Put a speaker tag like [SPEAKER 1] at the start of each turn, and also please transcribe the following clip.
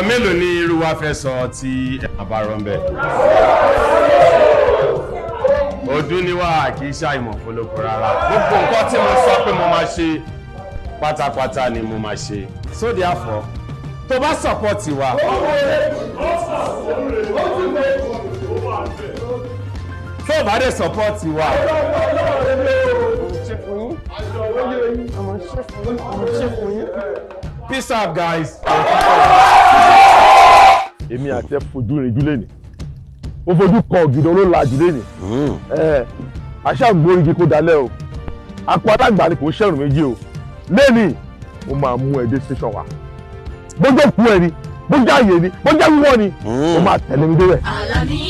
[SPEAKER 1] nǹkan mélòó ni irú wa fẹ́ sọ tí ẹ̀ma bá rọ ń bẹ̀. ọdún ni wà
[SPEAKER 2] kì í ṣàìmọ̀ fọlọ́kọ rárá gbogbo nǹkan tí mo sọ pé mo máa ṣe pátápátá ni mo máa ṣe. so therefore tó bá sọ̀pọ̀tì wa. tó bá dé sọ̀pọ̀tì wa. Peace out, guys èmi àti ẹ fojú rinjú lẹ́nì ó fojú kan ọ̀gìdàn ló lajú lẹ́nì hmm. aṣáàgbó igi kó dalẹ̀ o akọ alágbà ni kò ṣẹ̀rùn méjì o lẹ́nì ó máa mú ẹ dé station wa bójú òkú ẹ ni bójú àyè ni bójú àwíwọ́ ni ó hmm. máa tẹ̀lé mi dé
[SPEAKER 1] rẹ̀.